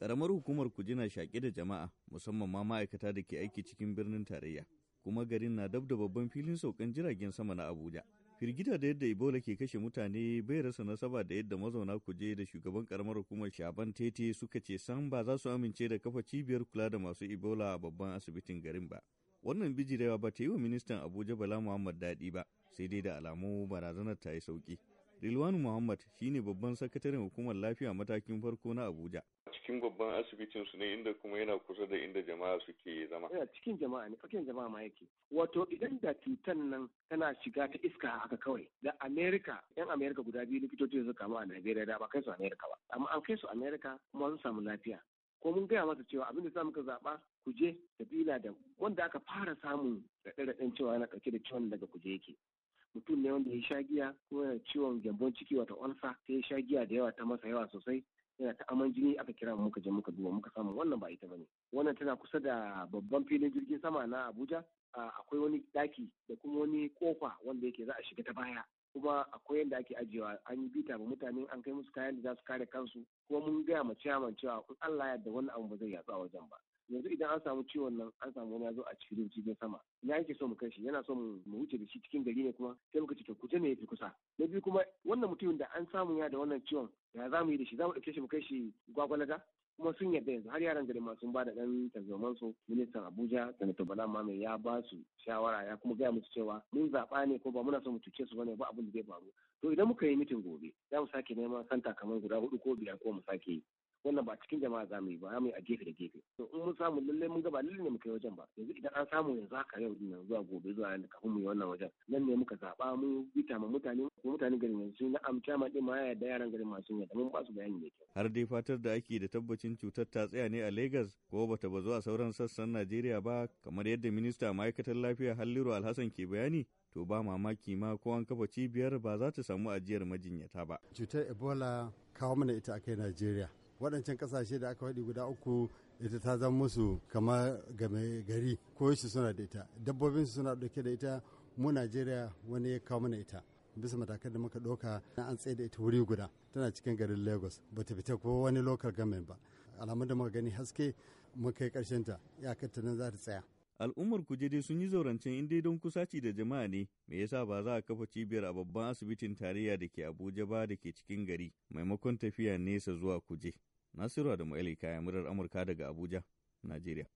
Karamar hukumar na shaƙi da jama'a musamman ma ma'aikata da ke aiki cikin birnin tarayya kuma garin na dab da babban filin saukan jiragen sama na Abuja. Firgita da yadda Ebola ke kashe mutane bai rasa nasaba da yadda mazauna kuje da shugaban karamar hukumar Shaban Tete suka ce san ba za su amince da kafa cibiyar kula da masu Ebola a babban asibitin garin ba. Wannan bijirewa ba ta yi wa ministan Abuja Bala Muhammad Dadi ba, sai dai da alamu barazanar ta yi sauki. Rilwanu Muhammad shi ne babban sakataren hukumar lafiya matakin farko na Abuja. A Cikin babban asibitin su ne inda kuma yana kusa da inda jama'a suke zama. Yana cikin jama'a ne, cikin jama'a ma yake. Wato idan da cutan nan tana shiga ta iska haka kawai da Amerika, yan Amerika guda biyu likitoci da kama a Najeriya da ba kai su Amerika ba. Amma an kai su Amerika kuma sun samu lafiya. Ko mun gaya masa cewa abin da za mu ka zaɓa kuje da bila da wanda aka fara samun raɗe-raɗen cewa yana ɗauke da ciwon daga kuje yake. mutum ne wanda ya sha giya ko yana ciwon gyambon ciki wata ulfa ta ya sha giya da yawa ta masa yawa sosai yana ta aman jini aka kira mu muka je muka duba muka samu wannan ba ita bane wannan tana kusa da babban filin jirgin sama na Abuja akwai wani daki da kuma wani kofa wanda yake za a shiga ta baya kuma akwai yadda ake ajiyewa an yi bita ba mutane an kai musu kayan da za su kare kansu kuma mun gaya ma ciyaman cewa in Allah ya da wannan abu ba zai yatsu a wajen ba yanzu idan an samu ciwon nan an samu wani ya zo a cikin jirgin sama ina yake so mu kai shi yana so mu wuce da shi cikin gari ne kuma sai muka ce to kuje ne yafi kusa na biyu kuma wannan mutumin da an samu ya da wannan ciwon ya za mu yi da shi za mu ɗauke shi mu kai shi gwagwalaga kuma sun yarda yanzu har yaran gari ma sun ba da ɗan tarzoman su ministan abuja sanata bala mame ya ba su shawara ya kuma gaya musu cewa mun zaɓa ne ko ba muna so mu cuce su bane ba abin da zai faru to idan muka yi mitin gobe za mu sake neman santa kamar guda hudu ko biyar ko mu sake yi wannan ba cikin jama'a za mu yi ba za mu yi a gefe da gefe to in mun samu lallai mun ga ba lallai ne mu kai wajen ba yanzu idan an samu yanzu haka yau din zuwa gobe zuwa yanzu kafin mu yi wannan wajen nan ne muka zaɓa mu bita ma mutane ko mutane garin yanzu sun amca ma din ma ya da yaran garin masu yanzu mun ba su bayani ne kyau har dai fatar da ake da tabbacin cutar ta tsaya ne a Lagos ko bata bazu a sauran sassan Najeriya ba kamar yadda minista ma'aikatar lafiya Halliru Alhassan ke bayani to ba mamaki ma ko an kafa cibiyar ba za ta samu ajiyar majinyata ba. Cutar Ebola kawo mana ita a kai Najeriya. waɗancan ƙasashe da aka waɗi guda uku ita ta zama musu kamar game gari ko shi suna da ita dabbobinsu suna ɗauke da ita mu najeriya wani ya kawo mana ita bisa matakan da muka ɗauka na an tsaye da ita wuri guda tana cikin garin lagos ba ta fita ko wani lokal government ba alamun da muka gani haske muka yi ƙarshen ta iyakar ta nan za ta tsaya al'ummar kuje dai sun yi zaurancen inda don kusaci da jama'a ne me yasa ba za a kafa cibiyar a babban asibitin tarayya da ke abuja ba da ke cikin gari maimakon tafiya nesa zuwa kuje Nasiru Adamu Ali kaya murar Amurka daga Abuja, Najeriya.